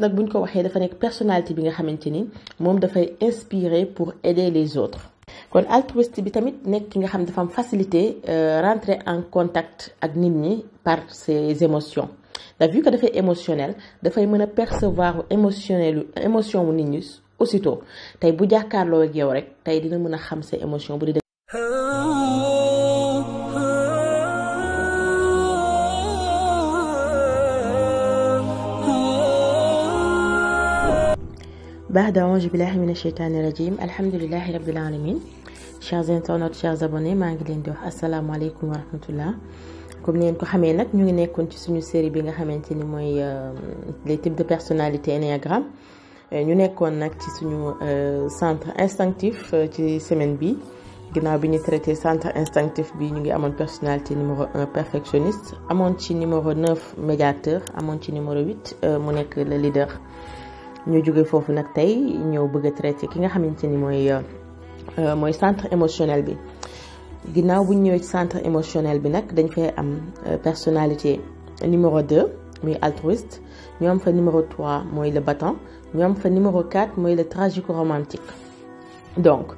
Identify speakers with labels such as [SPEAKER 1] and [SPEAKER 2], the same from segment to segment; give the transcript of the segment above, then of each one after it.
[SPEAKER 1] nag bu ñu ko waxee dafa nekk personnalité bi nga xamante ni moom dafay inspirer pour aider les autres kon altruiste bi tamit nekk ki nga xam dafa am facilité euh, rentrer en contact ak nit ñi par ses émotions ndax vu que dafay émotionnel dafay mën a percevoir émotionnel émotion wu nit ñi aussitôt tey bu jàkkaarloo ak yow rek tey dina mën a xam sa émotion bu baax da auzu billaahi mina sheytaani rajiim alhamdulillaahi rabbil aalamiin chers internautes chers abonnés maa ngi leen di wax asalaamaaleykum wa rahmatullah comme ni ngeen ko xamee nag ñu ngi nekkoon ci suñu série bi nga xamante ni mooy euh, les types de personnalité ennéagramme euh, ñu nekkoon nag ci suñu euh, centre instinctif ci semaine bi ginnaaw bi ñu traité centre instinctif bi ñu ngi amoon personnalité numéro un amoon ci numéro neuf médiateur amoon ci numéro huit mu nekk le leader ñoo jóge foofu nag tey ñëw bëgg a traité ki nga xamante ni mooy euh, euh, mooy centre émotionnel bi ginnaaw bu ñëwee ci centre émotionnel bi nag dañ fay am euh, personnalité numéro 2 muy altruiste ñoom fa numéro 3 mooy le battant ñoom fa numéro 4 mooy le tragique romantique donc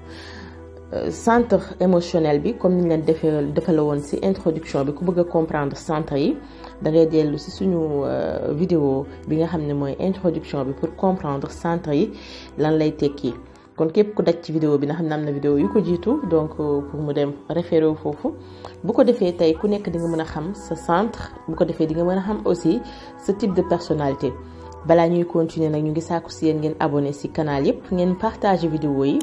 [SPEAKER 1] centre émotionnel bi comme niñ leen defee defale woon ci introduction bi ku bëgg a comprendre centre yi dangay dellu si suñu euh, vidéo bi nga xam ne mooy introduction bi pour comprendre centre yi lan lay tekki kon képp ku daj ci vidéo bi na xam ne am na vidéo yu ko jiitu donc euh, pour mu dem référé foofu bu ko defee tey ku nekk di nga mën a xam sa centre bu ko defee di nga mën a xam aussi sa type de personalité balaa ñuy continuer nag ñu ngi sàkku si yéen ngeen abonné ci canal yépp ngeen partager vidéo yi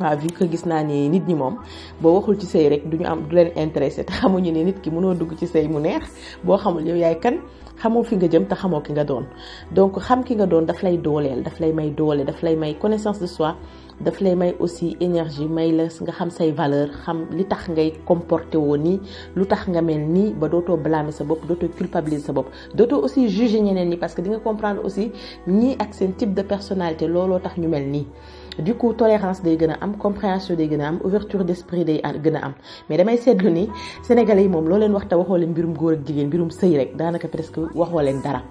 [SPEAKER 1] waaw vu ko gis naa ni nit ñi moom boo waxul ci sëy rek du ñu am du leen intéressé te xamuñu ne nit ki mënoo dugg ci sëy mu neex boo xamul yow yaay kan xamoo fi nga jëm te xamoo ki nga doon donc xam ki nga doon daf lay dooleel daf lay may doole daf lay may connaissance de soi daf lay may aussi énergie may la nga xam say valeur xam li tax ngay comporté woon nii lu tax nga mel nii ba dootoo blâmer sa bopp dootoo culpabiliser sa bopp dootoo aussi juger ñeneen ñi parce que di nga comprendre aussi ñii ak seen type de personnalité looloo tax ñu mel nii du coup tolérance day gën a am compréhension day gën a am ouverture d'esprit day gën a am mais damay seetlu ni sénégal yi moom loo leen wax waxoo leen mbirum góor ak jigéen mbirum sëy rek daanaka presque waxoo leen dara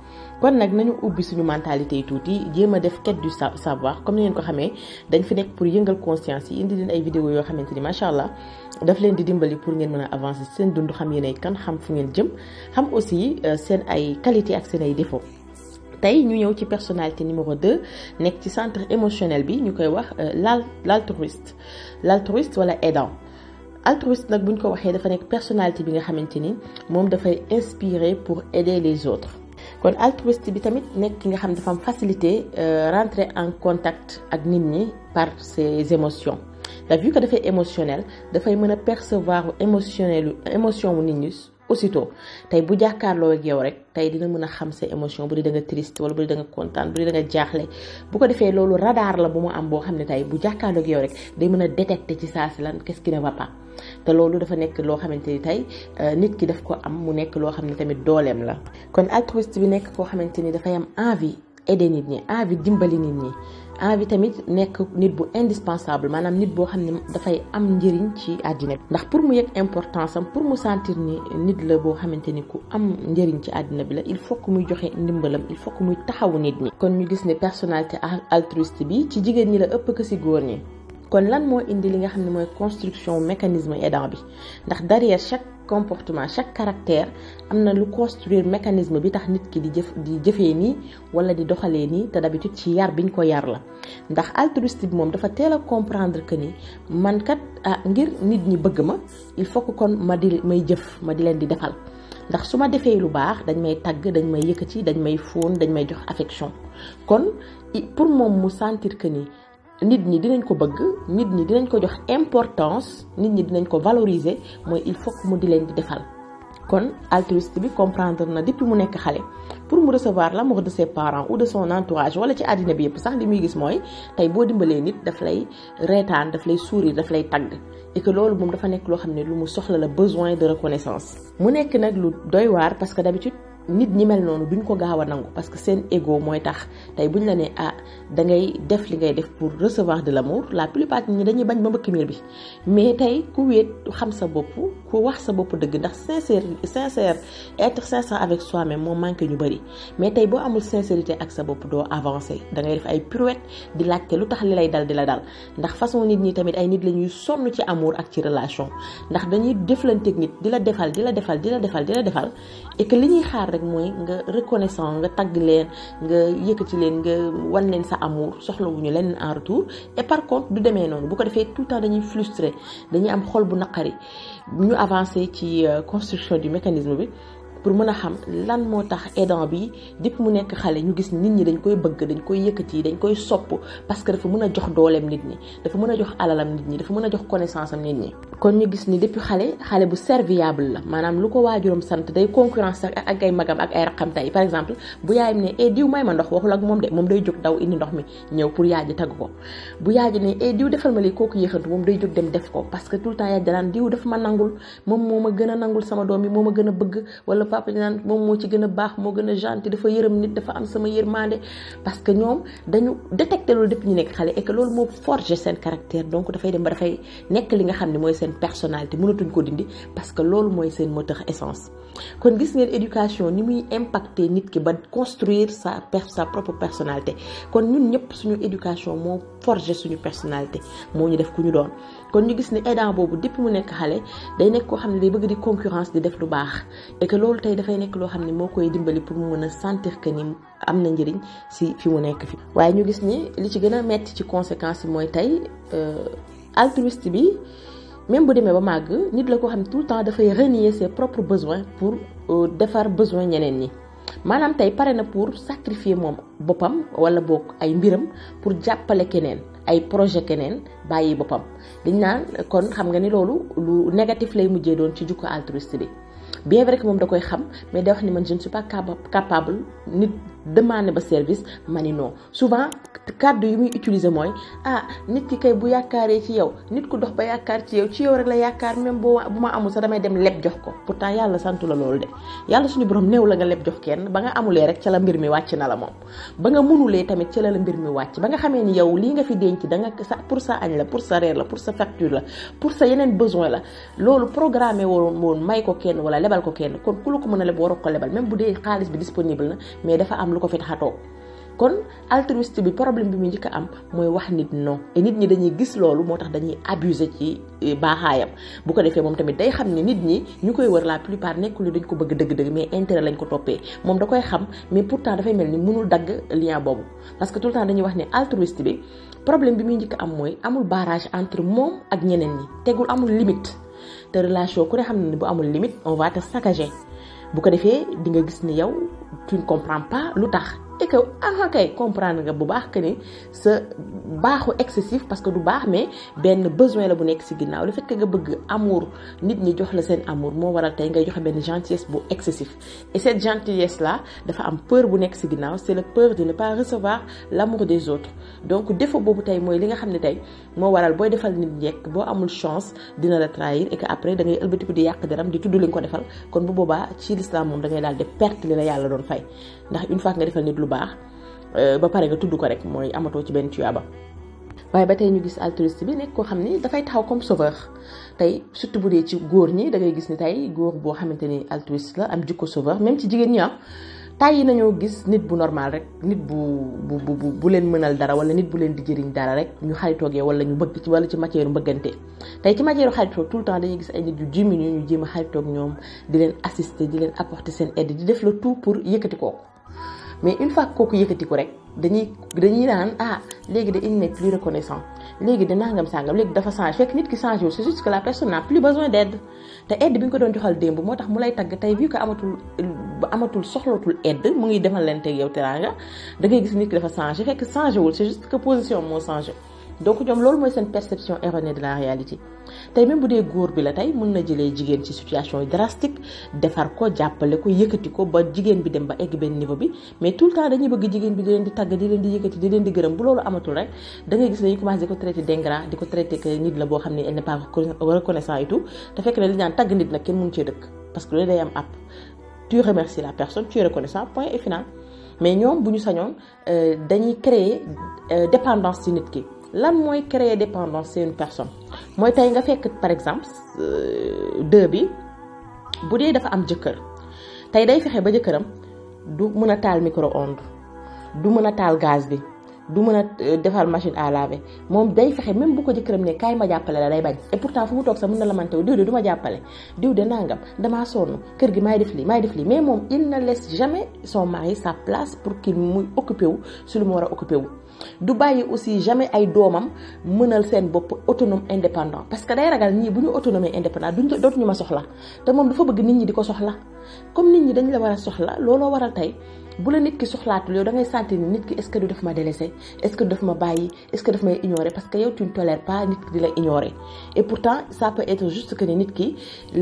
[SPEAKER 1] kon nag nañu ubbi suñu mentalité yi tuuti jéem a def quête du savoir comme ni ngeen ko xame dañ fi nekk pour yëngal conscience yi indi leen ay vidéo yoo xamante ni macha allah daf leen di dimbali pour ngeen mën a avancer seen dund xam yéen ay kan xam fu ngeen jëm xam aussi euh, seen ay qualité ak seen ay tey ñu ñëw ci personnalité numéro 2 nekk ci centre émotionnel bi ñu koy wax euh, l'al l'altruiste l'altruiste wala aidant altruiste nag bu ñu ko waxee dafa nekk personnalité bi nga xamante ni moom dafay inspirer pour aider les autres kon altruiste bi tamit nekk ki nga xam dafa am facilité euh, rentrer en contact ak nit ñi par ses émotions la vu que dafay émotionnel dafay mën a percevoir émotionnel émotion wu nit ñi aussitôt tey bu jàkkaarloo ak yow rek tey dina mën a xam sa émotion bu di da nga triste bu di da nga kontaan bu di da nga jaaxle bu ko defee loolu radaar la bu mu am boo xam ne tey bu jàkkaarloo ak yow rek day mën a détecter ci saa si lan kes ki qui ne va te loolu dafa nekk loo xamante ni tey euh, nit ki daf ko am mu nekk loo xam ne tamit dooleem la kon altruiste bi nekk koo xamante ni dafa am envie aider nit ñi envie dimbali nit ñi envie tamit nekk nit bu indispensable maanaam nit boo xam ne dafay am njëriñ ci àddina bi ndax pour mu yëg importance am pour mu sentir ni nit la boo xamante ni ku am njëriñ ci àddina bi la il faut que muy joxe ndimbalam il faut que muy taxawu nit mi kon ñu gis ne personnalité altruiste bi ci jigéen ñi la ëpp que si góor ñi kon lan moo indi li nga xam ne mooy construction mécanisme aidant bi ndax derrière chaque comportement chaque caractère am na lu construire mécanisme bi tax nit ki di jëf di jëfee nii wala di doxalee nii te d'habitude ci yar bi ñu ko yar la ndax altruiste bi moom dafa teel a comprendre que ni man kat ah ngir nit ñi bëgg ma il faut que kon ma di may jëf ma di leen di defal ndax su ma defee lu baax dañ may tagg dañ may yëkkati dañ may fóon dañ may jox affection kon que ni. nit ñi dinañ ko bëgg nit ñi dinañ ko jox importance nit ñi dinañ ko valoriser mooy il faut que mu di leen di defal kon altruiste bi comprendre na depuis mu nekk xale pour mu recevoir la de ses parents ou de son entourage wala ci àddina bi yëpp sax li muy gis mooy tey boo dimbalee nit daf lay reetaan daf lay sourire daf lay tagg et que loolu moom dafa nekk loo xam ne lu mu soxla la besoin de reconnaissance mu nekk nag lu doy waar parce que d'habitude nit ñi mel noonu bu ñu ko gaaw a nangu parce que seen ego mooy tax tey bu ñu la nee ah dangay def li ngay def pour recevoir de l'amour la plupart ñi dañuy bañ ba mbëkk miir bi mais tey ku wéet xam sa bopp ku wax sa bopp dëgg ndax sincère sincère être sincère avec soi-même moo manqué ñu bari mais tey boo amul sincérité ak sa bopp doo avancer da ngay def ay pirouette di lakke lu tax li lay dal di la dal ndax façon nit ñi tamit ay nit la ñuy sonn ci amour ak ci relation ndax dañuy deflanteeg nit di la defal di la defal di la defal di la defal et li ñuy xaar rek mooy nga reconnaissant nga tagg leen nga yëkkati leen nga wan leen sa amour soxlawuñu leen en retour et par contre du demee noonu bu ko defee tout le temps dañuy frustré dañuy am xol bu naqari bu ñu avancé ci euh, construction du mécanisme bi pour mën a xam lan moo tax aidant bi dip mu nekk xale ñu gis nit ñi dañ koy bëgg dañ koy yëkkati dañ koy sopp parce que dafa mën a jox dooleem nit ñi dafa mën a jox alalam nit ñi dafa mën a jox connaissance am nit ñi kon ñu gis ni depuis xale xale bu serviable la maanaam lu ko waajuram sant day concurrence sax ak ak ay raqam par exemple bu yaayam ne e diw may ma ndox moom de moom day jóg daw indi ndox mi ñëw pour yaay ko bu yaay ji e diw defal ma li kooku yéexantu def ko parce que tout le temps yaay danaan diw dafa ma nangul moom moo ma gën a nangul sama doom yi moo ma gën a bëgg wala papa di naan moom moo ci gën a baax moo gën a dafa yërëm nit dafa am sama yërmande parce que ñoom dañu détecté loolu ñu nekk xale et moo forger seen caractère donc dafay dem nekk li nga xam ne mooy seen personnalité mënatuñ ko dindi parce que loolu mooy seen moteur essence kon gis ngeen éducation ni muy impacter nit ki ba construire sa sa propre personalité kon ñun ñëpp suñu éducation moo forger suñu personalité moo ñu def ku ñu doon kon ñu gis ni Aidant boobu depuis mu nekk xale day nekk koo xam ne day bëgg di concurrence di def lu baax et loolu tey dafay nekk loo xam ne moo koy dimbali pour mu mën a sentir que ni am na njariñ si fi mu nekk fi waaye ñu gis ni li ci gën a metti ci conséquence yi mooy tey euh, altruiste bi même bu demee ba màgg nit la koo xam ne tout le temps dafay renier ses propres pour euh, defar besoin ñeneen ñi maanaam tey pare na pour sacrifier moom boppam wala boog ay mbiram pour jàppale keneen ay projet keneen bàyyi boppam dañ naan kon xam nga ni loolu lu négatif lay mujjee doon ci jukko altruiste bi bien vrai moom da koy xam mais day wax ni man je ne suis pas capable nit demandé ba service ma ni non souvent kàddu yi muy utiliser mooy ah nit ki kay bu yaakaaree ci yow nit ku dox ba yaakaar ci yow ci yow rek la yaakaar même bu ma amul sax damay dem leb jox ko pourtant yàlla santu la loolu de yàlla suñu borom néew la nga leb jox kenn ba nga amulee rek ca la mbir mi wàcc na la moom ba nga munulee tamit ca la la mbir mi wàcc ba nga xamee ni yow lii nga fi denc da nga sa pour sa añ la pour sa reer la pour sa facture la pour kenn wala lebal ko kenn kon ku lu ko fi tax kon altruiste bi problème bi mu njëkk am mooy wax nit non nit ñi dañuy gis loolu moo tax dañuy abuser ci euh, baaxaayam bu ko defee moom tamit day xam ni nit ñi ñu koy wër la plupart nekkul dañ ko bëgg dëgg-dëgg mais intérêt lañ ko toppee moom da koy xam mais pourtant dafay mel ni mënul dagg lien boobu parce que tout le temps dañuy wax ni altruiste bi problème bi muy njëkk am mooy amul barrage entre moom ak ñeneen ñi tegul amul limite te relation ku ne xam ne bu amul limite on va te saccager bu ko defee di nga gis ni yow tu ne comprends pas lu tax et que ah kay comprendre nga bu baax que ne sa baaxu excessif parce que du baax mais benn besoin la bu nekk ci ginnaaw lu fait nga bëgg amour nit ñi jox la seen amour moo waral tey ngay joxe benn gentillesse bu excessif et cette gentillesse là dafa am peur bu nekk ci ginnaaw c'est la peur de ne pas recevoir l'amour des autres donc boobu tey mooy li nga xam ne tey moo waral booy defal nit njekk boo amul chance dina la trahir et que après da ngay ëlbatiku di yàq deram di tudd li nga ko defal kon bu boobaa ci l'islam moom da ngay daal de perte li la yàlla doon fay baax euh, ba pare nga tudd ko rek mooy amatoo ci benn tuyaaba waaye ba tey ñu gis altruiste bi nekk koo xam ni dafay taxaw comme sauveur tey surtout bu dee ci góor ñi da ngay gis ni tey góor boo xamante ni altruiste la am jikko sauveur même ci jigéen ñi am ah, tàyyi nañoo gis nit bu normal rek nit bu bu bu bu leen mënal dara wala nit bu leen di jëriñ dara rek ñu xaritoogee wala ñu bëgg ci wala ci matière mbëggante tey ci matière xaritoog tout temps dañuy gis ay nit yu jimmi ñu jéem a xaritoog ñoom di leen assister di leen apporter seen aide di def le tout pour yëkkati kooku mais une fois kooku yëkkatiku rek dañuy dañuy naan ah léegi da il n'est plus reconnaissant léegi da nangam sàngam léegi dafa changé fekk nit ki changé wu c'est juste que la personne n'a plus besoin d'aide te aide bi nga doon joxal démb moo tax mu lay tagg tey vu ko amatul amatul soxlatul ed mu ngi demal leen teg yow teraanga da ngay gis nit ki dafa changé fekk changé wul c'est juste que position moo changé donc ñoom loolu mooy seen perception erronée de la réalité tey même bu dee góor bi la tey mën na jëlee jigéen ci situation drastique defar ko jàppale ko yëkkati ko ba jigéen bi dem ba egg benn niveau bi mais tout le temps dañuy bëgg jigéen bi di leen di tàgg di leen di yëkkati di leen di gërëm bu loolu amatul rek da gis dañuy commencé di ko traité d'ingrats di ko traité que nit la boo xam ne elle n'est pas reconnaissant et tout te fekk ne li naan tàgg nit la personne tu es reconnaissant point et final mais ñoom euh, dañuy créer euh, dépendance ci nit ki lan mooy créer dépendance c'est une personne mooy tey nga fekk par exemple euh, deux bi bu dee dafa am jëkkër tey day fexe ba jëkkëram du mën a taal micro-ondes du mën a taal gaz bi du mën a euh, defal machine à laver moom day fexe même bu ko jëkkëram ne kaay ma jàppale la day bañ et pourtant fu mu toog sax mën na la mantew diw de du ma jàppale diw de nangam damaa sonn kër gi maay def lii maay def lii mais moom il ne laisse jamais son mari sa place pour qu'il muy occupé wu si lu mu war a occupé wu du bàyyi aussi jamais ay doomam mënal seen bopp autonome indépendant parce que day ragal ñii bu ñu autonomie indépendant duñ dootuñu ma soxla te moom fa bëgg nit ñi di ko soxla comme nit ñi dañu la war a soxla looloo waral tey bu la nit ki soxlaatul yow da ngay sentir nit ki est-ce que du daf ma délaissé est-ce que du daf ma bàyyi est-ce que daf may ignorer parce que yow tu pas nit ki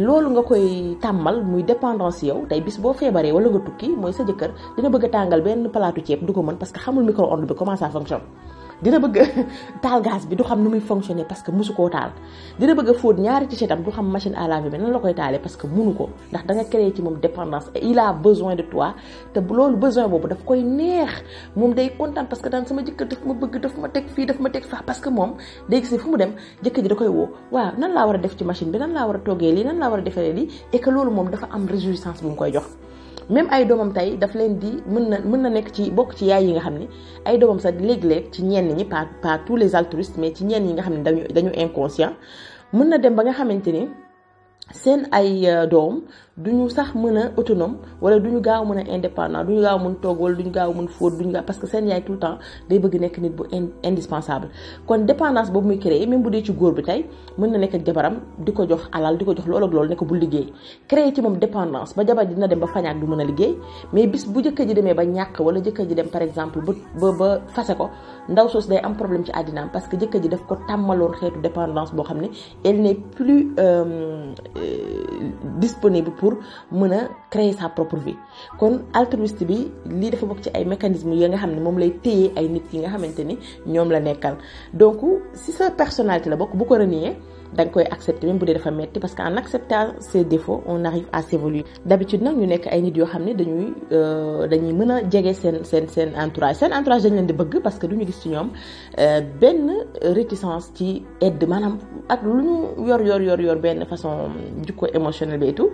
[SPEAKER 1] loolu nga koy tàmmal muy dépendance yow tey bis boo feebaree wala nga tukki mooy sa jëkkër dina bëgg tàngal benn palaatu ceeb du ko mën parce que xamul micro-ondes bi comment ça fonctionne dina bëgg taal gaz bi du xam nu muy fonctionner parce que musu koo taal dina bëgg a fóot ñaari t-shirt du xam machine à laver bi nan la koy taalee parce que munu ko ndax da nga créer ci moom dépendance et besoin de toi te loolu besoin boobu daf koy neex moom day kontaan parce que daan sama jëkkër daf ma bëgg daf ma teg fii daf ma teg faa parce que moom day gis fu mu dem jëkkër ji da koy woo waaw nan laa war a def ci machine bi nan laa war a toggee lii nan laa war a defee lii et que loolu am réjouissance bu mu koy jox même ay doomam tey daf leen di mën na mën na nekk ci bokk ci yaay yi nga xam ni ay doomam sax léeg-léeg ci ñenn ñi pas pas tous les altruistes mais ci ñenn ñi nga xam ne dañu dañu inconscient mën na dem ba nga xamante ni seen ay euh, doom duñu sax mën a autonome wala duñu gaaw mën a indépendant duñu gaaw mën toog wala duñu gaaw mën fóot duñu gaaw parce que seen yaay tout le temps day bëgg nekk nit bu indispensable kon dépendance ko jox alal ko jox loolu ak loolu ne bu liggéey créé ci moom dépendance ba jabar ji dina dem ba fañaak ba ñàkk wala jëkkër ji dem par exemple ba ba soos day am problème ci àddinaam parce que jëkkër ji daf ko tàmmaloon xeetu dépendance boo xam ne elle n'est plus euh, euh, disponible pour mën a créer sa propre bi kon altruiste bi lii dafa bokk ci ay mécanismes yi nga xam ne moom lay téye ay nit ki nga xamante ni ñoom la nekkal donc si sa personnalité la bokk bu ko renier da nga koy accepté même bu dee dafa metti parce que en acceptant ses défauts on arrive à s'évoluer d'habitude nag ñu nekk ay nit yoo xam ne dañuy euh, dañuy mën a jege seen seen seen entourage seen entourage leen di bëgg parce que du ñu gis ci ñoom euh, benn réticence ci edd maanaam ak lu ñu yor yor yor yor benn façon jikko émotionnel bi et tout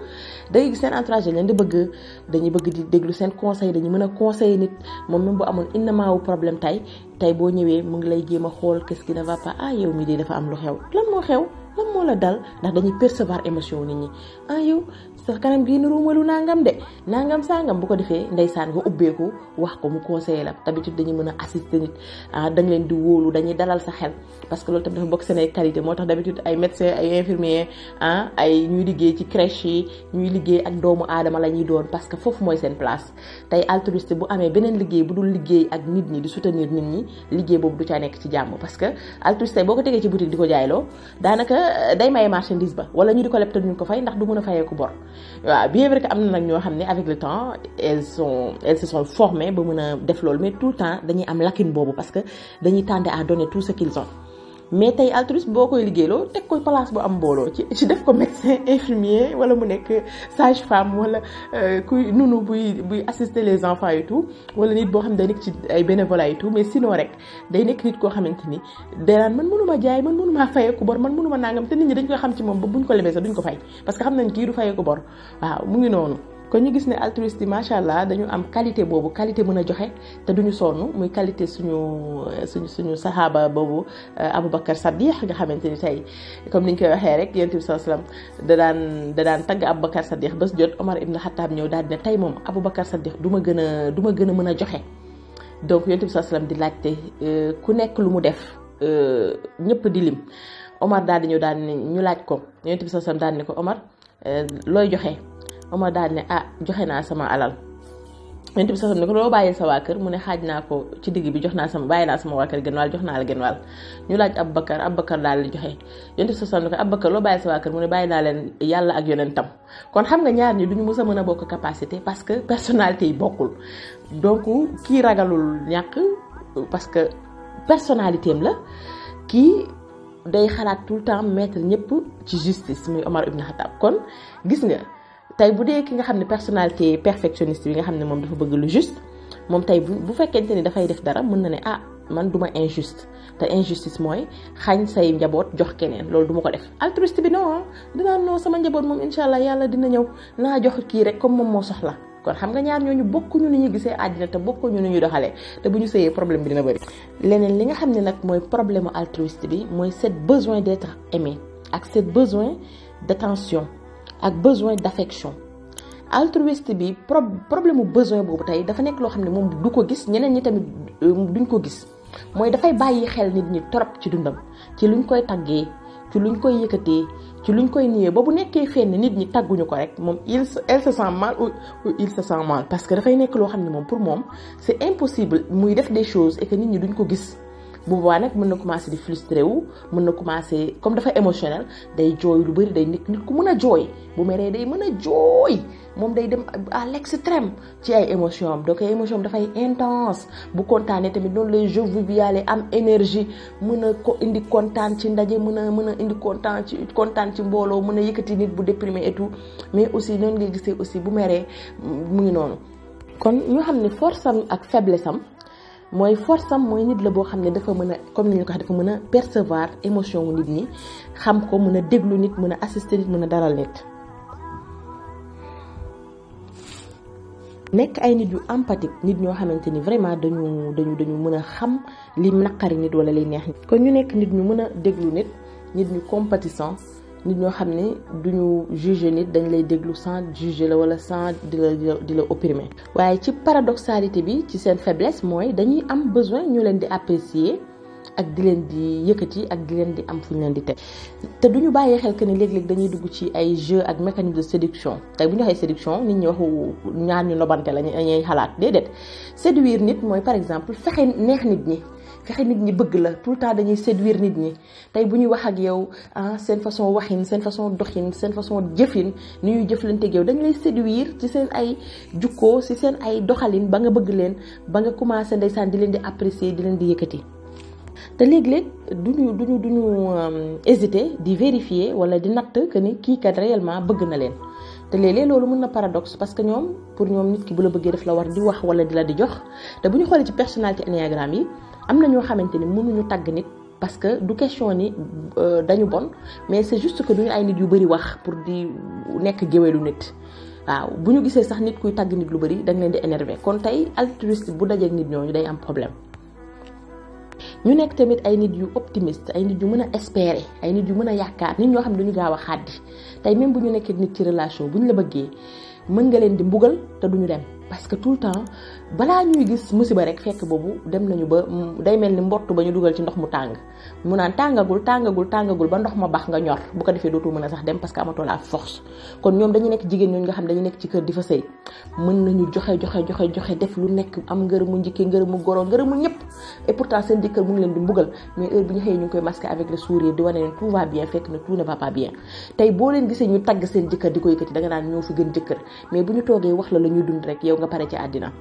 [SPEAKER 1] da gis seen entourage dañ leen di bëgg dañuy bëgg di déglu seen conseil dañuy mën a conseiller nit moom même bu amoon innamaawu problème tay tey boo ñëwee mu ngi lay jéem a xool qu'est-ce qui ne va pas ah yow mi di dafa am lu xew lan moo xew lan moo la dal ndax dañuy percevoir émotion nit ñi ah yow sax kanam gii niruumalu nangam de nangam sangam bu ko defee ndeysaan nga ubbeeku wax ko mu conseillé la d'habitude dañu mën a assister nit ah leen di wóolu dañuy dalal sa xel parce que loolu tam dafa bokk seen ay moo tax d'habitude ay médecin ay infirmier ah ñuy liggéey ci crèche yi liggéey ak doomu aadama la ñuy doon parce que foofu mooy seen place tey altruiste bu amee beneen liggéey bu dul liggéey ak nit ñi di soutenir nit ñi liggéey boobu du ca nekk ci jàmm parce que altruiste tey boo ko tegee ci boutique di ko jaayloo daanaka eh, day maye marchandise ba wala ñu di ko leptal ñu ko fay ndax du mën a fayeeku bor waaw bien vrai que am na nag ñoo xam ne avec le temps elles sont elles se sont ba mën a def loolu mais tout le temps dañuy am lacune boobu parce que dañuy tendre à donner tout ce qu'ils ont mais tey altruisme boo koy liggéeyloo teg ko place bu am mbooloo ci ci def ko médecin infirmier wala mu nekk sage femme wala euh, kuy nunu buy buy assister les enfants et tout wala nit boo xam ne day nekk ci ay bénévolat et tout mais sinon rek day nekk nit koo xamante ni day naan man mënuma jaay man mënuma fayeeku bor man mënuma nangam te nit ñi dañ koy xam ci moom ba buñ ko lebee sax duñ ko fay parce que xam nañ kii du fayeeku bor waaw mu ngi noonu kon ñu gis ne altruiste yi macha allah dañu am qualité boobu qualité mën a joxe te duñu sonn muy qualité suñu euh, suñu suñu saxaaba boobu euh, Aboubacar Saddiq nga xamante ni tey comme ñu koy waxee rek yonent bi sallam da daan da daan tagg Aboubacar Saddiq bés jot Omar ibn Khattab ñëw daal dina tey moom Aboubacar Saddiq du ma gën a du ma gën a mën a joxe donc yonent bi sallam di laaj te euh, ku nekk lu mu def ñëpp di lim Omar daal di ñëw daal ñu laaj ko yonent bi sallam daal ni ko Omar looy joxe. Omar daal ne ah joxe naa sama alal yonent bi sax ne ko sa waa kër mu ne xaaj naa ko ci digg bi jox naa sama bàyyi naa sama waa kër genn wàll jox naa la genn wàll ñu laaj Aboubacar Aboubacar daal di joxe yonent bi sax ne ko Aboubacar loo bàyyi sa waa kër mu ne bàyyi naa leen yàlla ak yonentam kon xam nga ñaar ñi duñu mës a mën a bokk capacité parce que personnalité yi bokkul donc kii ragalul ñàkk parce que personnalité la kii day xalaat tout le temps mettre ñëpp ci justice muy Omar Ibn Khattab kon tey bu dee ki nga xam ne personnalité perfectionist bi nga xam ne moom dafa bëgg lu juste moom tey bu bu fekkente ni dafay def dara mën na ne ah man du ma injuste te injustice mooy xañ say njaboot jox keneen loolu duma ko def altruiste bi non dinaa non sama njaboot moom incha allah yàlla dina ñëw naa jox kii rek comme moom moo soxla kon xam nga ñaar ñu bokkuñu ni ñu gisee àddina te bokkuñu ni ñu doxalee te bu ñu sëyee problème bi dina bëri. leneen li nga xam ne nag mooy problème altruiste bi mooy cette besoin d'être aimé ak cette besoin d'attention ak besoin d'affection altruiste bi problème mu besoin boobu tey dafa nekk loo xam ne moom du ko gis ñeneen ñi tamit euh, duñ ko gis mooy dafay bàyyi xel nit ñi torop ci dundam ci luñ koy taggee ci luñ koy yëkkatee ci luñ koy niwee ba bu nekkee fenn nit ñi tagguñu ko rek moom il elle se sent mal ou parce que dafay nekk loo xam ne moom pour moom c'est impossible muy def des choses et que nit ñi duñ ko gis bu boobaa nag mën na commencé di frustré wu mën na commencé comme dafa émotionnel day jooy lu bëri day nit ku mën a jooy bu meree day mën a jooy moom day dem à l'extrême ci ay émotion am donc ay émotion dafay intense bu kontaanee tamit noonu lay jeu viviale am énergie mën a ko indi kontaan ci ndaje mën a mën a indi kontaan ci kontaan ci mbooloo mën a yëkkati nit bu déprimé et mais aussi noonu ngay gisee aussi bu meree mu ngi noonu kon ñu xam ne force ak faiblesse am mooy force am mooy nit la boo xam ne dafa mën a comme ni ñu ko waxee dafa mën a percevoir émotion wu nit ñi xam ko mën a déglu nit mun a assister nit mun a dalal nit. nekk ay nit yu empathique nit ñoo xamante ni vraiment dañu dañu dañu mën a xam li naqari nit wala li neex nit. kon ñu nekk nit ñu mën a déglu nit nit ñu compatissance. nit ñoo xam ne duñu juger nit dañ lay déglu sans juger la wala sans di la di la opprimer waaye ci paradoxalité bi ci seen faiblesse mooy dañuy am besoin ñoo leen di apprécier ak di leen di yëkkati ak di leen di am fu ñu leen di teg te duñu bàyyi xel que ni léeg-léeg dañuy dugg ci ay jeu ak mécanisme de séduction tey bu ñu waxee séduction nit ñi waxu ñaar ñu nobante la ñuy xalaat déedéet séduire nit mooy par exemple fexe neex nit ñi fexe nit ñi bëgg la tout le temps dañuy séduire nit ñi tey bu ñuy wax ak yow ah seen façon waxin seen façon doxin seen façon jëfin ni ñuy jëflanteeg yow dañ lay séduire ci seen ay jukkoo ci seen ay doxalin ba nga bëgg leen ba nga commencé ndeysaan di leen di apprécier di leen di yëkkati. te léeg ñu du ñu duñu euh, hésiter di vérifier wala di natt que ni kiikat kat bëgg na leen. te léeg-léeg loolu mën na paradoxe parce que ñoom pour ñoom nit ki bu la bëggee daf la war di wax wala di la di jox te bu ñu xoolee ci personnalité ennéagramme yi am na ñoo xamante ni mënuñu tàgg nit parce que du question ni euh, dañu bon mais c'est juste que duñu ay nit yu bëri wax pour di nekk géwélu nit. waaw bu ñu gisee sax nit kuy tàgg nit lu bëri da nga leen di énervé kon tey altruiste bu dajeek nit ñooñu day am problème. ñu nekk tamit ay nit yu optimiste ay nit yu mën a espérer ay nit yu mën a yaakaar nit ñoo xam ne dañu gaaw a xàddi tey même bu ñu nekkee nit ci relation bu ñu la bëggee mën nga leen di mbugal te duñu dem parce que tout le temps balaa ñuy gis musiba rek fekk boobu dem nañu ba day mel ni mbottu ba ñu dugal ci ndox mu tàng mu naan tàngagul tàngagul tàngagul ba ndox ma bax nga ñor bu ko defee dootu mën a sax dem parce que amatoo la force kon ñoom dañu nekk jigéen ñooñu nga xam dañu nekk ci kër di fa sëy mën nañu joxe joxe joxe def lu nekk am ngërëmu njëkkee ngërëmu goro ngërëmu ñëpp et pourtant seen jëkkër mu ngi leen di mbugal mais heure bi ñu xëyee ñu ngi koy masquer avec le sourire boo leen gisee ñu tagg seen jëkkër di ko yëkkati da nga naan ñoo fi mais bu ñu toogee wax la la ñuy dund rek yow nga pare àddina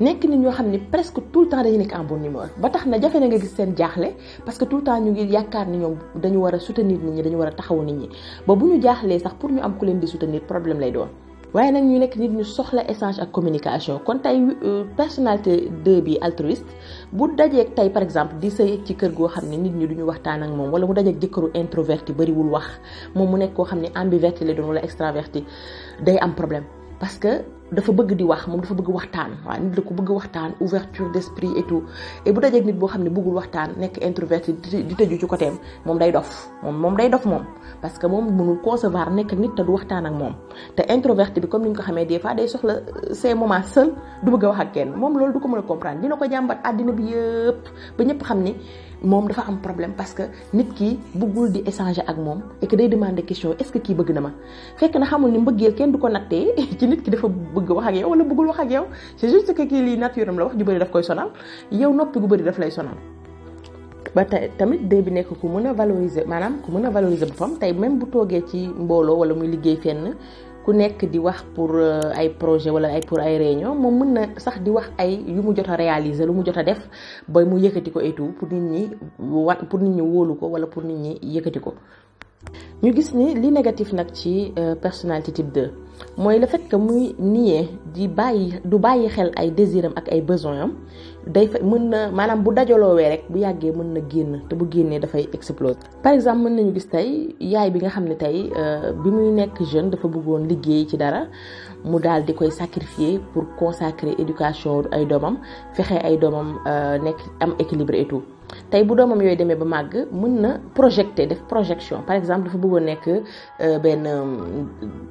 [SPEAKER 1] nekk nit ñoo xam ne presque tout le temps dañu nekk en bonne humeur ba tax na jafe na nga gis seen jaaxle parce que tout le temps ñu ngi yaakaar ni ñoom dañu war a soutenir nit ñi dañu war a taxaw nit ñi ba bu ñu jaaxlee sax pour ñu am ku leen di soutenir problème lay doon. waaye nag ñu nekk nit ñu soxla échange ak communication kon tey euh, personnalité deux bi altruiste bu dajeeg tey par exemple di sëy ci kër goo xam ne nit ñi duñu waxtaan ak moom wala mu dajeeg jëkkëru introverti bëriwul wax moom mu nekk koo xam ne ambiverti la doon wala extraverti day am problème dafa bëgg di wax moom dafa bëgg waxtaan waaye nit la ko bëgg waxtaan ouverture d'esprit et tout bu dajeeg nit boo xam ne bëggul waxtaan nekk introverti di tëju ci côté moom day dof moom moom day dof moom parce que moom mënul concevoir nekk nit waxtaan ak moom te bi comme ni ñu ko xamee des fois day soxla ces euh, moments wax kenn moom loolu du ko mën a comprendre dina ko jàmbat àddina bi yëpp ba ñëpp xam ni moom dafa am problème parce que nit ki bëggul di échanger ak moom et que day demander question est-ce bëgg na ma fekk na xamul ni mbëggeel kenn du ko nattee ci nit ki dafa bëgg wax ak yow wala bëggul wax ak yow c'est kii lii nature la wax ju bëri daf koy sonal yow noppi gu bëri daf lay sonal. ba tey tamit dëy bi nekk ku mën a valoriser maanaam ku mën a valoriser boppam tey même bu toogee ci mbooloo wala muy liggéey fenn ku nekk di wax pour euh, ay projet wala ay pour ay réunion moom mën na sax di wax ay yu mu jot a réaliser lu mu jot a def ba mu yëkkati ko et pour nit ñi wa pour nit ñi wóolu ko wala pour nit ñi yëkkati ñu gis ni li négatif nag ci euh, personnalité type mooy le fait que muy nier di bàyyi du bàyyi xel ay désiram ak ay besoin am day fa mën na maanaam bu dajaloowee rek bu yàggee mën na génn te bu génnee dafay explose par exemple mën nañu gis tey yaay bi nga xam ne tey euh, bi muy nekk jeune dafa bëggoon liggéey ci dara mu daal di koy sacrifier pour consacrer éducation ay doomam fexe ay doomam euh, nekk am équilibre tout tey bu doomam yooyu demee ba màgg mën na projeté def projection par exemple dafa bëggoon nekk euh, benn euh,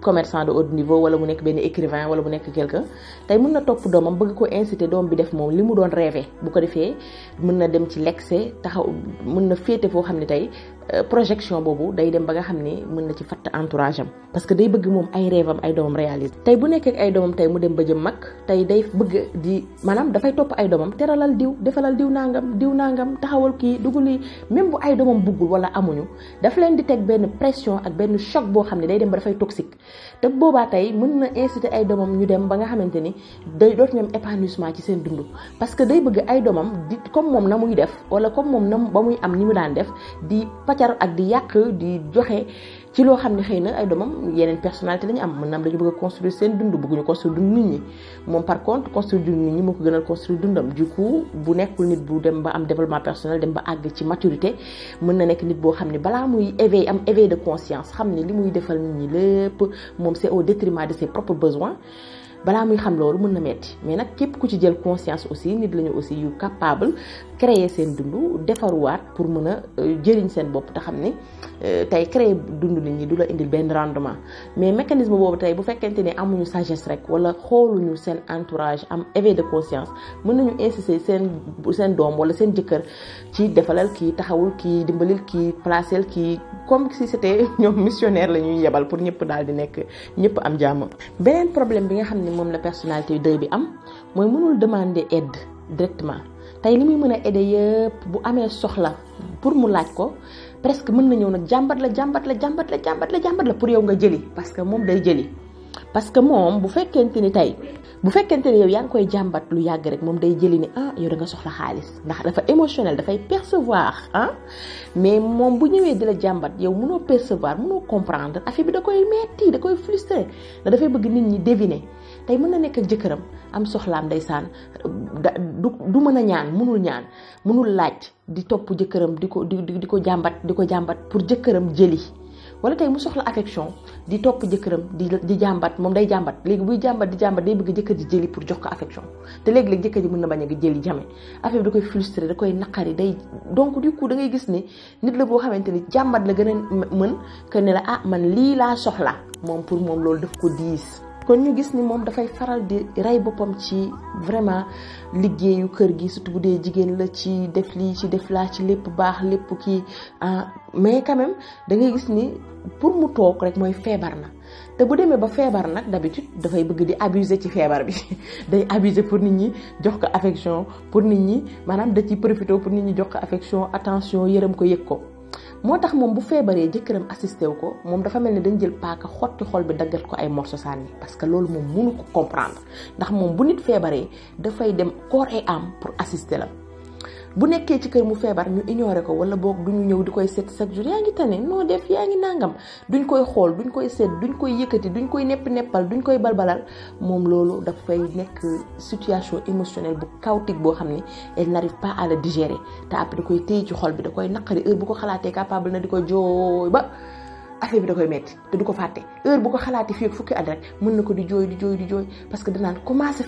[SPEAKER 1] commerçant de haut niveau wala mu nekk benn écrivain wala bu nekk quelqu'un tey mën na topp doomam bëgg ko inciter doom bi def moom li mu doon rêvé bu ko defee mun na dem ci l'excès taxaw mun na féete foo xam ne tey Euh, projection boobu day dem ba nga xam ne mën na ci fatt entourage am parce que day bëgg moom ay rêve ay doomam réaliser tey bu nekkee ay doomam tey mu dem ba jëm mag tey day bëgg di maanaam dafay topp ay doomam teralal diw defalal diw nangam diw nangam taxawal kii duguli même bu ay doomam buggul wala amuñu daf leen di teg benn pression ak benn choc boo xam ne day dem ba dafay toxique te boobaa tey mën na inciter ay doomam ñu dem ba nga xamante ni day dootuñu am épanouissement ci seen dund parce que day bëgg ay doomam di comme moom na muy def wala comme moom na ba muy am ni mu daan def paccaru ak di yàq di joxe ci loo xam ne xëy na ay doomam yeneen personnalité lañu am mën am dañu bëgg a seen dund bëgguñu construire dund nit ñi moom par contre construire dund nit ñi moo ko gënal construire dundam du coup bu nekkul nit bu dem ba am développement personnel dem ba àgg ci maturité mën na nekk nit boo xam ne balaa muy éveil am éveil de conscience xam ne li muy defal nit ñi lépp moom c'est au détriment de ses propres besoins balaa muy xam loolu mën na metti mais nag képp ku ci jël conscience aussi nit lañu aussi yu capable créer seen dundu defaruwaat pour mën a euh, jëriñ seen bopp te xam ne euh, tey créer dund nit ñi du la indil benn rendement mais mécanisme boobu tey bu fekkente ne amuñu sagesse rek wala xooluñu seen entourage am éveil de conscience mën nañu insister seen seen doom wala seen jëkkër ci defalal kii taxawul kii dimbalil kii placel ki comme si c'était ñoom missionnaire lañuy yebal pour ñëpp daal di nekk ñëpp am jàmm. beneen problème bi nga xam ne moom la personnalité de bi am mooy mënul demander aide directement. tey li muy mën a aider yëpp bu amee soxla pour mu laaj ko presque mën na ñëw nag jàmbat la jàmbat la jàmbat la jàmbat la jàmbat pour yow nga jëli parce que moom day jëli parce que moom bu fekkente ni tey bu fekkente ni yow yaa ngi koy jàmbat lu yàgg rek moom day jëli ni ah yow da nga soxla xaalis ndax dafa émotionnel dafay percevoir ah mais moom bu ñëwee di jàmbat yow mënoo percevoir mënoo comprendre affaire bi da koy metti da koy frustré da dafay bëgg nit ñi deviner tey mën na nekk ak jëkkëram am soxlaam ndeysaan du du mën a ñaan mënul ñaan mënul laaj di topp jëkkëram di ko di di ko jàmbat di ko jàmbat pour jëkkëram jëli wala tey mu soxla affection di topp jëkkëram di di jàmbat moom day jàmbat léegi buy jàmbat di jàmbat jëkkër ji jëli pour jox ko affection te léegi-léeg jëkkër ji mën na bañ a jëli jame affaire bi da koy frustré da koy naqari day donc di coup da ngay gis ni nit la boo xamante ni jàmbat la gën a mën que ne la ah man lii laa soxla moom pour moom loolu daf ko diis kon ñu gis ni moom dafay faral di rey boppam ci vraiment liggéeyu kër gi surtout bu dee jigéen la ci def lii ci def laa ci lépp baax lépp kii ah, mais quand même da ngay gis ni pour mu toog rek mooy feebar na te bu demee ba feebar nag d'habitude dafay bëgg di abuser ci feebar bi day abuser pour nit ñi jox ko affection pour nit ñi maanaam da ciy profité pour nit ñi jox ko affection attention yërëm ko yëg ko. moo tax moom bu feebaree jëkkëram assisté wu ko moom dafa mel ni dañ jël paaka xotti xol bi daggat ko ay morso sànni parce que loolu moom mënu ko comprendre ndax moom bu nit feebaree dafay dem corps ay am pour assister la bu nekkee ci kër mu feebar ñu ignoré ko wala boog duñu ñëw di koy seet chaque jour yaa ngi tane noo def yaa ngi nangam duñ koy xool ñu koy seet duñ koy yëkkati duñ koy nepp neppal duñ koy balbalal moom loolu dafa koy nekk situation émotionnelle bu chaotique boo xam ne elle n'arrive pas à le digérer te après da koy téye ci xol bi da koy naqari heure bu ko xalaatee capable na di ko jooy ba affaire bi da koy metti te du ko fàtte heure bu ko xalaatee fii fukki at mën na ko di jooy di jooy di jooy parce que danaan comment se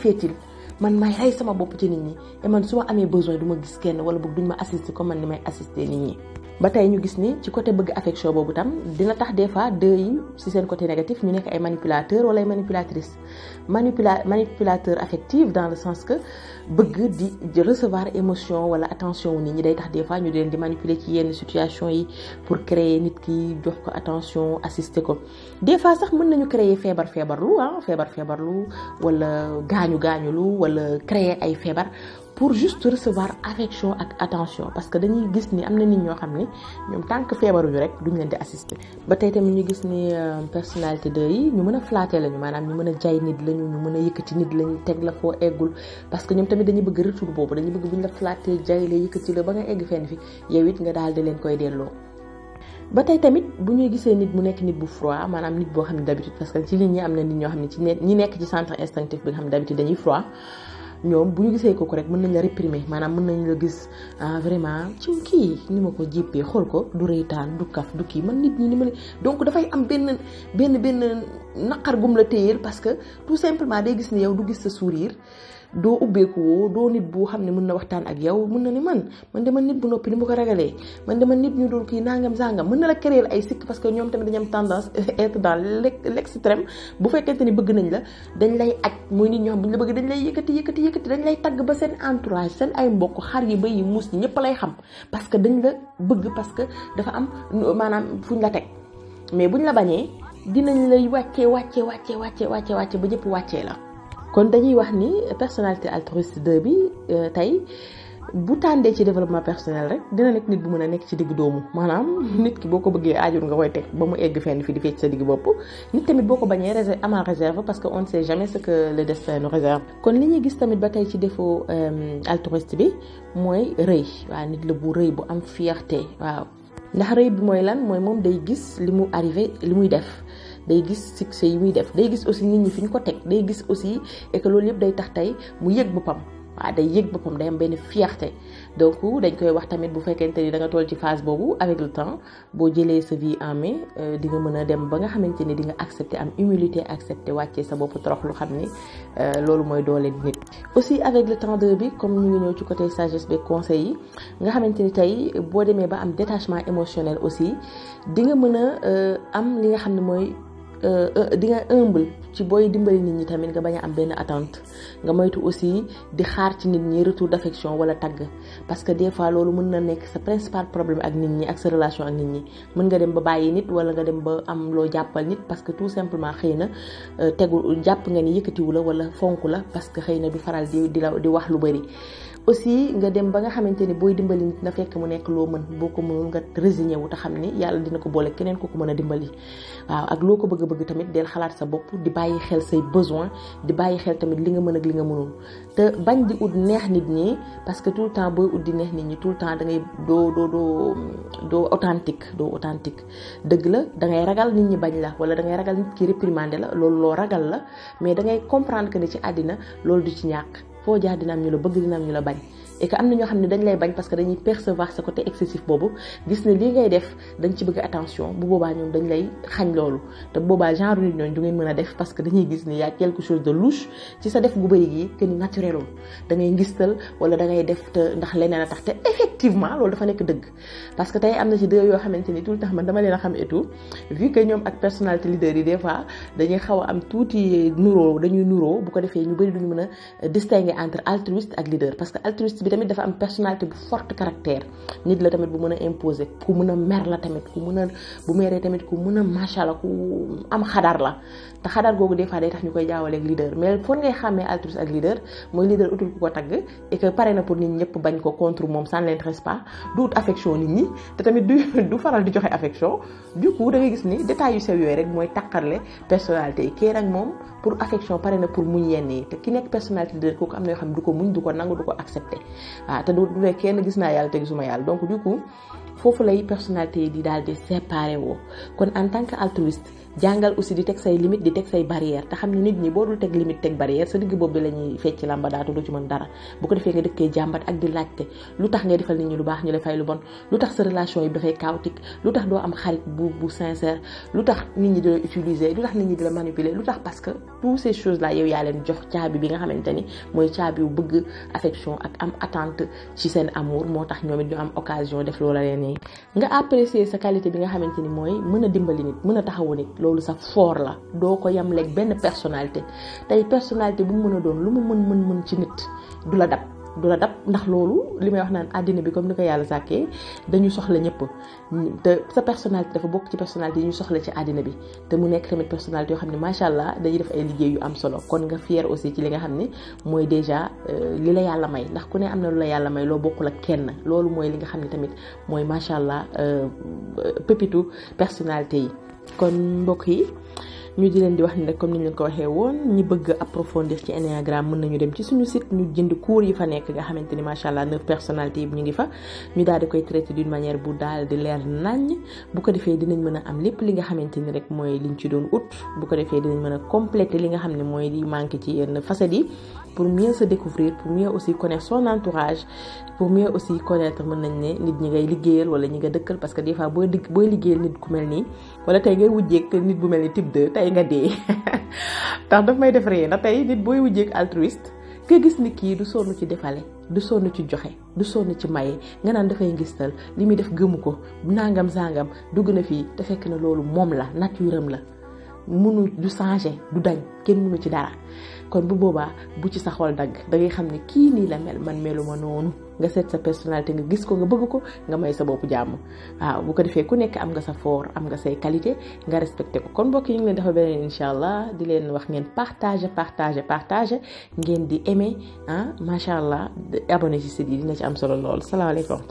[SPEAKER 1] man may rey sama bopp ci nit ñi te man su amee besoin du ma gis kenn wala boog duñ ma assister comme man ni may assister nit ñi. ba tey ñu gis ni ci côté bëgg affection boobu tam dina tax des fois deux yi si seen côté négatif ñu nekk ay manipulateur wala ay manipulatrice manipula manipulateur affective dans le sens que bëgg di recevoir émotion wala attention wu nit ñi day tax des fois ñu leen di manipuler ci yenn situation yi pour créer nit ki jox ko attention assister ko des fois sax mën nañu créer feebar feebarlu ah feebar lu wala gaañu gaañulu wala créer ay feebar pour juste recevoir affection ak attention parce que dañuy gis ni am na nit ñoo xam ne ñoom tant que feebaruñu rek duñ leen di assister ba tey tamit ñu gis ni euh, personnalité de yi ñu mën a flatter lañu maanaam ñu mën a jaay nit lañu ñu mën a yëkkati nit lañu teg la foo eggul parce que ñoom tamit dañuy bëgg retour boobu dañuy bëgg buñ la flatter jaay la yëkkati la ba nga egg fenn fi yow it nga daal leen koy delloo. ba tey tamit bu ñuy gisee nit mu nekk nit bu froid maanaam que ci ligne ñi am na ñoom bu ñu gisee kooku rek mën nañ la réprimer maanaam mën nañu la gis ah, vraiment ci kii ni ma ko jéppee xool ko du reytaan du kaf du kii man nit ñi ni ma ne donc dafay am benn benn benn naqar gum la téyeel parce que tout simplement day gis ni yow du gis sa sourire doo ubbeeku woo doo nit bu xam ne mën na waxtaan ak yow mën na ni man man de man nit bu noppi ni mu ko ragalee man de man nit ñu dul kii nangam sangam mën na la créer ay sikk parce que ñoom tamit dañu am tendance être dans l'extrême bëgg nañ la dañ lay aj mooy nit ñoo xam bu ñu la bëgg dañ lay yëkkati yëkkati yëkkati dañ lay tagg ba seen entourage seen ay mbokk xar yi ba yi muus ñi ñëpp lay xam parce que dañ la bëgg parce que dafa am maanaam fuñ la teg mais buñ la bañee dinañ lay wàccee wàccee wàccee wàccee wàccee wàccee ba ñëpp wàccee la kon dañuy wax ni personnalité altruiste 2 bi euh, tey bu tàndee ci développement personnel rek dina nekk nit bu mën a nekk ci digg doomu maanaam nit ki boo ko bëggee aajur nga koy teg ba mu egg fenn fi di fecc sa digg bopp nit tamit boo ko bañee réserve amal réserve parce que on ne sait jamais ce que le destin nous réserve kon li ñuy gis tamit ba tey ci défaut euh, altruiste bi mooy rëy waa nit la bu rëy bu am fierté waaw ndax rëy bi mooy lan mooy moom day gis li mu arrivé li muy def day gis succès yi muy def day gis aussi nit ñi fi ñu ko teg day gis aussi et loolu yëpp day tax tey mu yëg boppam waaw day yëg boppam day am benn fierté donc dañ koy wax tamit bu fekkente ni da nga toll ci phase boobu avec le temps boo jëlee sa vie en main euh, di nga mën a dem ba nga xamante ni di nga accepter am humilité accepter wàccee sa bopp trop lu xam ni euh, loolu mooy doole nit. aussi avec le temps de bi comme ñu ngi ñëw ci côté sagesse beeg conseils yi nga xamante ni tey boo demee ba am détachement émotionnel aussi di nga mën a euh, am li nga xam ne mooy. Euh, euh, di nga humble ci booy dimbali nit ñi tamit nga bañ am benn attente nga moytu aussi di xaar ci nit ñi retour d'affection wala tagg parce que des fois loolu mën na nekk sa principal problème ak nit ñi ak sa relation ak nit ñi mën nga dem ba bàyyi nit wala nga dem ba am loo jàppal nit parce que tout simplement xëy na euh, tegu jàpp nga ni yëkkatiwu la wala fonk la parce que xëy na du faral di di la di wax lu bari aussi nga dem ba nga xamante ni booy dimbali nit na fekk mu nekk loo mën boo ko mënul nga résigné wu te xam ni yàlla dina ko boole keneen ko ko mën a dimbali waaw ak loo ko bëgg-bëgg tamit del xalaat sa bopp di bàyyi xel say besoin di bàyyi xel tamit li nga mën ak li nga mënul te bañ di ut neex nit ñi parce que tout le temps booy ut di neex nit ñi tout le temps da doo doo doo doo authentique doo authentique dëgg la da ngay ragal nit ñi bañ la wala dangay ragal nit ki réprimander la loolu loo ragal la mais da ngay comprendre ci àddina loolu du ci ñàkk foo jaar dina am la bëgg dina am la bañ et am na ñoo xam ne dañ lay bañ parce que dañuy percevoir sa côté excessif boobu gis ne lii ngay def dañ ci bëgg attention bu boobaa ñoom dañ lay xañ loolu te boobaa genre nit ñooñu du ngeen mën a def parce que dañuy gis ni yaa quelque chose de louche ci sa def gu bëri gi que ni naturelul ngistal wala dangay def te ndax leneen a tax te effectivement loolu dafa nekk dëgg parce que tey am na ci deux yoo xamante ni tout le temps man dama leen a xam et tout vu que ñoom ak yi des fois dañuy xaw a am tuuti nuroo dañuy nuroo bu ko defee ñu bëri duñu mën a distinguer entre altruiste ak tamit dafa am personnalité bu forte caractère nit la tamit bu mën a imposé ku mën a mer la tamit ku mën a bu meree tamit ku mën a macha allah am xadar la te xadar googu des fois day tax ñu koy jaawaleeg leader mais foog ngay xàmmee altruiste ak leader mooy leader utul ku ko tagg et que pare na pour nit ñëpp bañ ko contre moom ça ne l'intéresse pas affection nit ñi te tamit du du faral di joxe affection du coup da gis ni détails yu sew yooyu rek mooy taqarle personnalité yi kii rek moom. pour affection pare na pour muñ yenn yi te ki nekk personnalité de kooku am na yoo xam du ko muñ du ko nangu du ko accepté waaw ah, te du ne kenn gis naa yàlla te gisuma yàlla donc du coup foofu lay personnalité yi di daal di séparé woo kon en tant que altruiste jàngal aussi di teg say limite di teg say barrière te xam ne nit ñi boo dul teg limite teg barrière sa digg boobu bi la ñuy fecc lamba daatu du ci mën dara bu ko defee nga def koy jàmbat ak di laajte lu tax ngay defal nit ñi lu baax ñu la fay lu bon lu tax sa relation yi dafay chaotique lu tax doo am xarit bu bu sincère lu tax nit ñi di la utiliser lu tax nit ñi di la manipuler lu tax parce que toutes ces choses là yow yaa leen jox caabi bi nga xamante ni mooy caabi yu bëgg affection ak am attente ci seen amour moo tax ñoom it am occasion def loola leen nga apprécier sa qualité bi nga xamante ni mooy mën a dimbali nit mën a taxawu nit loolu sa foor la doo ko yam leeg benn personnalité tey personnalité bu mu mën a doon lu mu mën mën mën ci nit du la dab du la dab ndax loolu li may wax naan àddina bi comme ni ko yàlla sàkkee dañu soxla ñëpp te sa personnalité dafa bokk ci personnalité yi ñu soxla ci àddina bi te mu nekk tamit personnalité yoo xam ne macha allah dañuy def ay liggéey yu am solo kon nga fier aussi ci li nga xam ne mooy déjà euh, li la yàlla may ndax ku ne am na lu la yàlla may loo bokkul ak kenn loolu mooy li nga xam ne tamit mooy macha allah euh, euh, pépitu personnalité yi. kon mbokk yi ñu di leen di wax ni rek comme ni ñu leen ko waxee woon ñi bëgg approfondir ci ennéagramme mën nañu dem ci suñu site ñu jënd cours yi fa nekk nga xamante ni macha allah neuf personnalités yi ñu ngi fa ñu daal di koy traité d'une manière bu daal di leer naññ bu ko defee dinañ mën a am lépp li nga xamante ni rek mooy liñ ci doon ut bu ko defee dinañ mën a complété li nga xam ne mooy li manqué ci yenn facettes yi pour mieux se découvrir pour mieux aussi connaître son entourage pour mieux aussi nit ñi ngay liggéeyal wala ñi nga dëkkal parce que des fois booy booy liggéeyal nit mel nii wala tey ngay wujjeeg nit bu mel ni type 2 tey nga dee ndax daf may def ree ndax nit booy wujjeeg altruiste nga gis nit kii du sonn ci defale du sonn ci joxe du sonn ci maye nga naan dafay ngistal li muy def gëmu ko nangam sangam dugg na fii te fekk na loolu moom la nature am la munu du changer du dañ kenn munu ci dara kon bu boobaa bu ci sa xool dagg da ngay xam ne kii lii la mel man meluma noonu nga seet sa personnalité nga gis ko nga bëgg ko nga may sa boppu jàmm waaw bu ko defee ku nekk am nga sa foor am nga say qualité nga respecté ko kon mbokk yi ñu leen dafa beneen incha allah di leen wax ngeen partage partagé partagé ngeen di aimé ah macha allah abonné ci site yi dina ci am solo lool salaamaaleykum